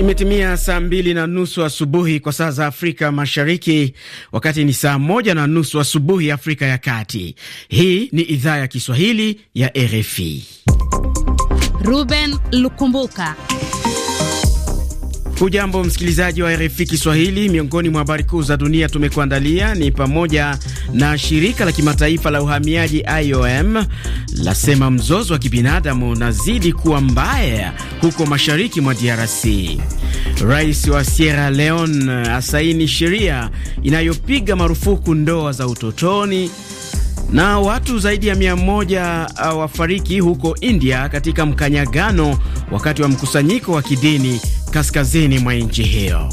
Imetimia saa mbili na nusu asubuhi kwa saa za Afrika Mashariki, wakati ni saa moja na nusu asubuhi Afrika ya Kati. Hii ni idhaa ya Kiswahili ya RFI. Ruben Lukumbuka Hujambo msikilizaji wa RFI Kiswahili. Miongoni mwa habari kuu za dunia tumekuandalia ni pamoja na shirika la kimataifa la uhamiaji IOM lasema mzozo wa kibinadamu unazidi kuwa mbaya huko mashariki mwa DRC. Rais wa Sierra Leone asaini sheria inayopiga marufuku ndoa za utotoni na watu zaidi ya mia moja wafariki huko India katika mkanyagano wakati wa mkusanyiko wa kidini kaskazini mwa nchi hiyo.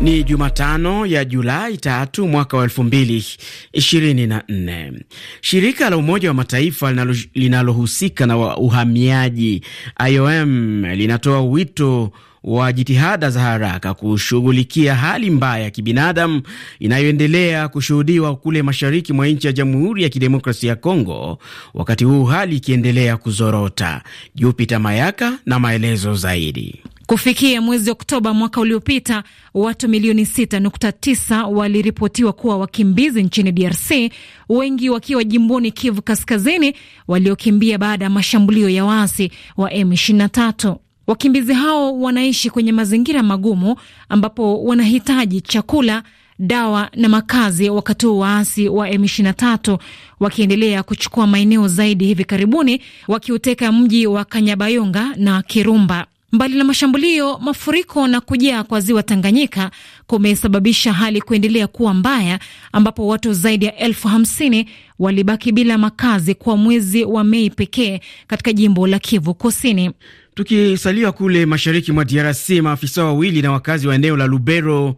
Ni Jumatano ya Julai tatu mwaka wa elfu mbili ishirini na nne. Shirika la Umoja wa Mataifa linalohusika na uhamiaji IOM linatoa wito wa jitihada za haraka kushughulikia hali mbaya ya kibinadamu inayoendelea kushuhudiwa kule mashariki mwa nchi ya Jamhuri ya Kidemokrasia ya Kongo, wakati huu hali ikiendelea kuzorota. Jupita Mayaka na maelezo zaidi. Kufikia mwezi Oktoba mwaka uliopita, watu milioni 6.9 waliripotiwa kuwa wakimbizi nchini DRC, wengi wakiwa jimboni Kivu Kaskazini, waliokimbia baada ya mashambulio ya waasi wa M23. Wakimbizi hao wanaishi kwenye mazingira magumu ambapo wanahitaji chakula, dawa na makazi, wakati huu waasi wa M23 wakiendelea kuchukua maeneo zaidi, hivi karibuni wakiuteka mji wa Kanyabayonga na Kirumba. Mbali na mashambulio, mafuriko na kujaa kwa ziwa Tanganyika kumesababisha hali kuendelea kuwa mbaya, ambapo watu zaidi ya elfu hamsini walibaki bila makazi kwa mwezi wa Mei pekee katika jimbo la Kivu Kusini. Tukisalia kule mashariki mwa DRC, maafisa wawili na wakazi wa eneo la Lubero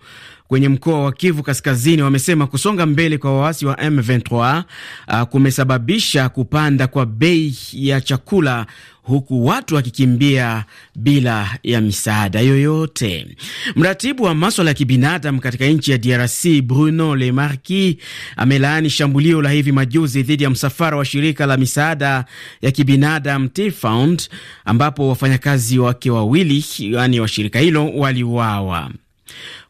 kwenye mkoa wa Kivu Kaskazini wamesema kusonga mbele kwa waasi wa M23 uh, kumesababisha kupanda kwa bei ya chakula huku watu wakikimbia bila ya misaada yoyote. Mratibu wa maswala ya kibinadamu katika nchi ya DRC Bruno Le Marquis amelaani shambulio la hivi majuzi dhidi ya msafara wa shirika la misaada ya kibinadamu Tfund ambapo wafanyakazi wake wawili, yaani wa shirika hilo, waliuawa.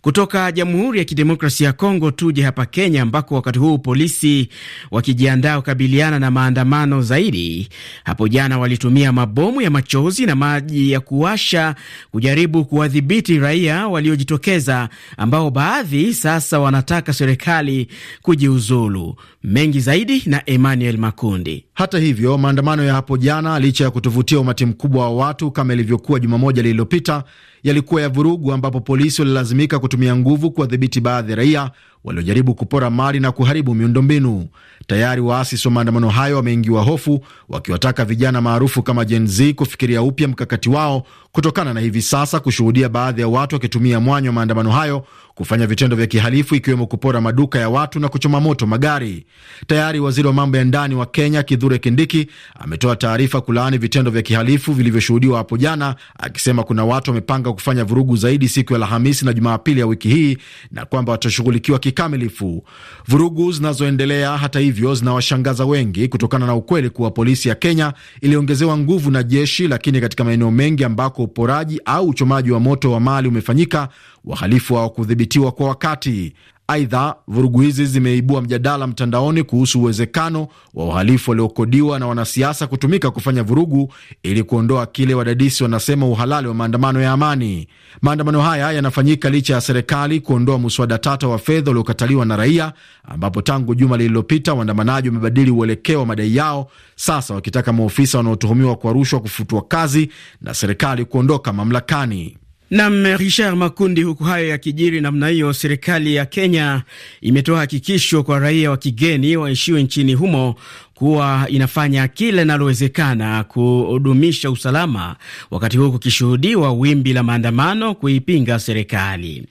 Kutoka Jamhuri ya Kidemokrasia ya Kongo tuje hapa Kenya, ambako wakati huu polisi wakijiandaa kukabiliana na maandamano zaidi, hapo jana walitumia mabomu ya machozi na maji ya kuwasha kujaribu kuwadhibiti raia waliojitokeza, ambao baadhi sasa wanataka serikali kujiuzulu. Mengi zaidi na Emmanuel Makundi. Hata hivyo, maandamano ya hapo jana, licha ya kutovutia umati mkubwa wa watu kama ilivyokuwa juma moja lililopita yalikuwa ya vurugu, ambapo polisi walilazimika kutumia nguvu kuwadhibiti baadhi ya raia waliojaribu kupora mali na kuharibu miundombinu. Tayari waasi wa maandamano hayo wameingiwa hofu, wakiwataka vijana maarufu kama Gen Z kufikiria upya mkakati wao kutokana na hivi sasa kushuhudia baadhi ya watu wakitumia mwanya wa maandamano hayo kufanya vitendo vya kihalifu, ikiwemo kupora maduka ya watu na kuchoma moto magari. Tayari waziri wa mambo ya ndani wa Kenya Kithure Kindiki ametoa taarifa kulaani vitendo vya kihalifu vilivyoshuhudiwa hapo jana, akisema kuna watu wamepanga kufanya vurugu zaidi siku ya Alhamisi na Jumapili ya wiki hii na kwamba watashughulikiwa kikamilifu. Vurugu zinazoendelea hata hivyo zinawashangaza wengi kutokana na ukweli kuwa polisi ya Kenya iliongezewa nguvu na jeshi, lakini katika maeneo mengi ambako uporaji au uchomaji wa moto wa mali umefanyika, wahalifu hawakudhibitiwa kwa wakati. Aidha, vurugu hizi zimeibua mjadala mtandaoni kuhusu uwezekano wa uhalifu waliokodiwa na wanasiasa kutumika kufanya vurugu ili kuondoa kile wadadisi wanasema uhalali wa maandamano ya amani. Maandamano haya yanafanyika licha ya serikali kuondoa muswada tata wa fedha uliokataliwa na raia, ambapo tangu juma lililopita waandamanaji wamebadili uelekeo wa madai yao, sasa wakitaka maofisa wanaotuhumiwa kwa rushwa kufutwa kazi na serikali kuondoka mamlakani. Nam Richard Makundi. Huku hayo ya kijiri namna hiyo, serikali ya Kenya imetoa hakikisho kwa raia wa kigeni waishiwe nchini humo kuwa inafanya kila inalowezekana kudumisha usalama, wakati huu kukishuhudiwa wimbi la maandamano kuipinga serikali.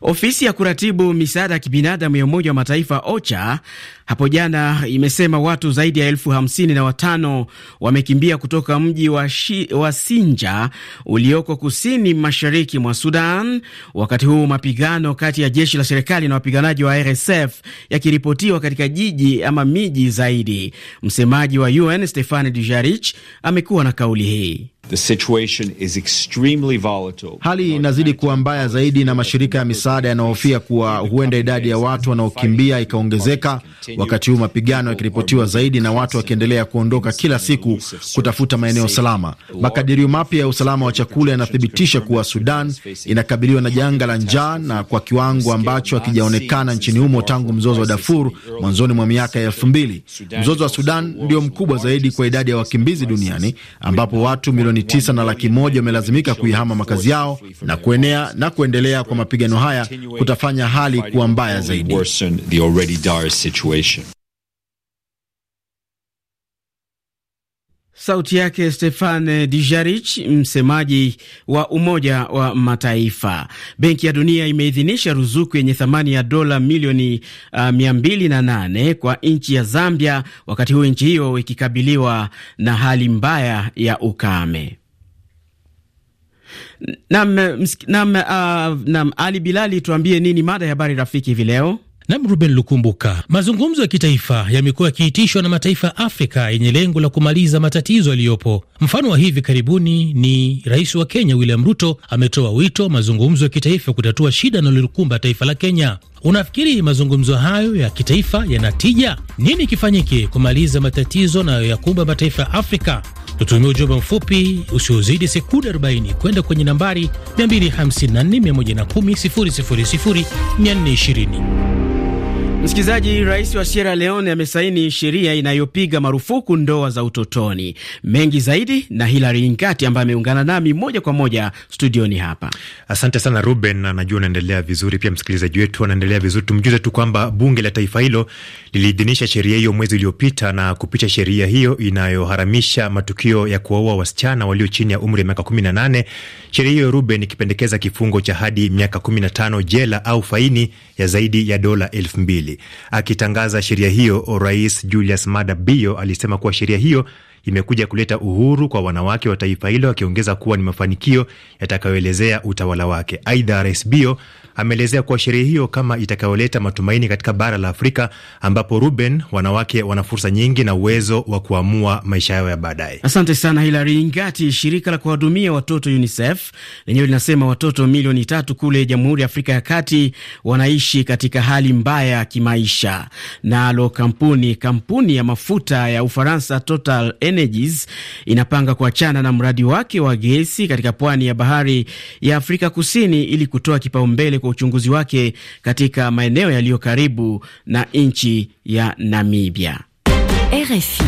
Ofisi ya kuratibu misaada ya kibinadamu ya Umoja wa Mataifa OCHA hapo jana imesema watu zaidi ya elfu hamsini na watano wamekimbia kutoka mji wa, shi, wa Sinja ulioko kusini mashariki mwa Sudan, wakati huu mapigano kati ya jeshi la serikali na wapiganaji wa RSF yakiripotiwa katika jiji ama miji zaidi. Msemaji wa UN Stefani Dujarric amekuwa na kauli hii. The situation is extremely volatile. Hali inazidi kuwa mbaya zaidi na mashirika ya misaada yanahofia kuwa huenda idadi ya watu wanaokimbia ikaongezeka, wakati huu mapigano yakiripotiwa zaidi na watu wakiendelea kuondoka kila siku kutafuta maeneo salama. Makadirio mapya ya usalama wa chakula yanathibitisha kuwa Sudan inakabiliwa na janga la njaa na kwa kiwango ambacho hakijaonekana nchini humo tangu mzozo wa Darfur mwanzoni mwa miaka ya elfu mbili. Mzozo wa Sudan ndio mkubwa zaidi kwa idadi ya wakimbizi duniani ambapo watu milioni milioni tisa na laki moja wamelazimika kuihama makazi yao na kuenea na kuendelea kwa mapigano haya kutafanya hali kuwa mbaya zaidi. Sauti yake Stefan Dijarich, msemaji wa Umoja wa Mataifa. Benki ya Dunia imeidhinisha ruzuku yenye thamani ya dola milioni uh, nane kwa nchi ya Zambia, wakati huu nchi hiyo ikikabiliwa na hali mbaya ya ukame. Nam, nam, uh, nam Ali Bilali, tuambie nini mada ya habari rafiki hivi leo? na Ruben Lukumbuka. Mazungumzo ya kitaifa yamekuwa yakiitishwa na mataifa ya Afrika yenye lengo la kumaliza matatizo yaliyopo. Mfano wa hivi karibuni ni rais wa Kenya William Ruto ametoa wito mazungumzo ya kitaifa kutatua shida analolikumba taifa la Kenya. Unafikiri mazungumzo hayo ya kitaifa yana tija? Nini kifanyike kumaliza matatizo nayoyakumba mataifa ya Afrika? Tutumia ujumbe mfupi usiozidi sekunde 40 kwenda kwenye nambari 254 110 000 420. Msikilizaji, rais wa Sierra Leone amesaini sheria inayopiga marufuku ndoa za utotoni. Mengi zaidi na Hilary Ingati ambaye ameungana nami moja kwa moja studioni hapa. Asante sana Ruben, anajua unaendelea vizuri, pia msikilizaji wetu anaendelea vizuri. Tumjuze tu kwamba bunge la taifa hilo liliidhinisha sheria hiyo mwezi uliopita na kupitia sheria hiyo inayoharamisha matukio ya kuwaua wasichana walio chini ya umri ya miaka 18. Sheria hiyo Ruben ikipendekeza kifungo cha hadi miaka 15 jela au faini ya zaidi ya dola elfu mbili. Akitangaza sheria hiyo, Rais Julius Mada Bio alisema kuwa sheria hiyo imekuja kuleta uhuru kwa wanawake wa taifa hilo, akiongeza kuwa ni mafanikio yatakayoelezea utawala wake. Aidha, Rais Bio ameelezea kuwa sherehe hiyo kama itakayoleta matumaini katika bara la Afrika, ambapo Ruben, wanawake wana fursa nyingi na uwezo wa kuamua maisha yao ya baadaye. Asante sana Hilary Ngati. Shirika la kuwahudumia watoto UNICEF lenyewe linasema watoto milioni tatu kule Jamhuri ya Afrika ya Kati wanaishi katika hali mbaya ya kimaisha. Nalo kampuni kampuni ya mafuta ya Ufaransa Total Energies inapanga kuachana na mradi wake wa gesi katika pwani ya bahari ya Afrika Kusini ili kutoa kipaumbele kwa uchunguzi wake katika maeneo yaliyo karibu na nchi ya Namibia. RFI.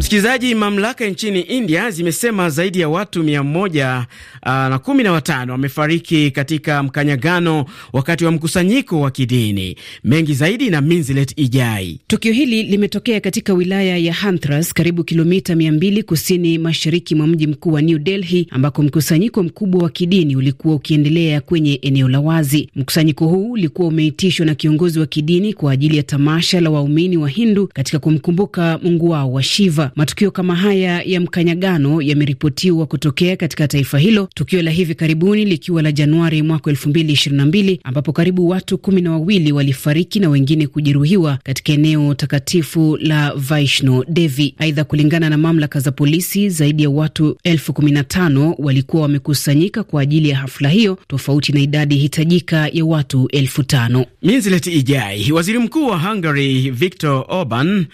Msikilizaji, mamlaka nchini India zimesema zaidi ya watu mia moja ah, na kumi na watano wamefariki katika mkanyagano wakati wa mkusanyiko wa kidini. Mengi zaidi na Minzilet Ijai. Tukio hili limetokea katika wilaya ya Hanthras, karibu kilomita mbili kusini mashariki mwa mji mkuu wa New Delhi, ambako mkusanyiko mkubwa wa kidini ulikuwa ukiendelea kwenye eneo la wazi. Mkusanyiko huu ulikuwa umeitishwa na kiongozi wa kidini kwa ajili ya tamasha la waumini wa Hindu katika kumkumbuka mungu wao wa Shiva. Matukio kama haya ya mkanyagano yameripotiwa kutokea katika taifa hilo, tukio la hivi karibuni likiwa la Januari mwaka mbili ambapo karibu watu kumi na wawili walifariki na wengine kujeruhiwa katika eneo takatifu la Vaishno Devi. Aidha, kulingana na mamlaka za polisi, zaidi ya watu elfu kumi na tano walikuwa wamekusanyika kwa ajili ya hafla hiyo, tofauti na idadi hitajika ya watu elfu tano. Minzileti Ijai. Waziri Mkuu wa Hungary Viktor Orban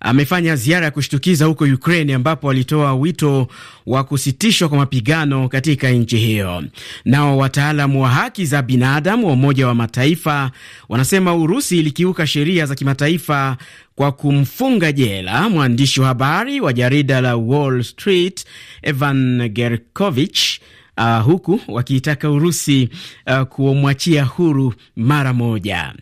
amefanya ziara ya kushtukiza huko Ukraine ambapo alitoa wito wa kusitishwa kwa mapigano katika nchi hiyo. Nao wataalamu wa haki za binadamu wa Umoja wa Mataifa wanasema Urusi ilikiuka sheria za kimataifa kwa kumfunga jela mwandishi wa habari wa jarida la Wall Street Evan Gerkovich uh, huku wakiitaka Urusi uh, kumwachia huru mara moja.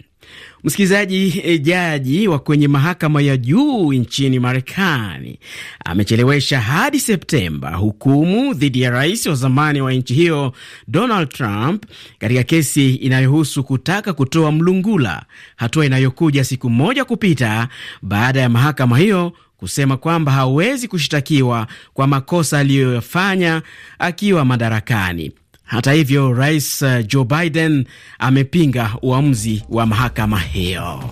Msikilizaji, eh, jaji wa kwenye mahakama ya juu nchini Marekani amechelewesha hadi Septemba hukumu dhidi ya rais wa zamani wa nchi hiyo Donald Trump katika kesi inayohusu kutaka kutoa mlungula, hatua inayokuja siku moja kupita baada ya mahakama hiyo kusema kwamba hawezi kushtakiwa kwa makosa aliyoyafanya akiwa madarakani. Hata hivyo, Rais uh, Joe Biden amepinga uamuzi wa mahakama hiyo.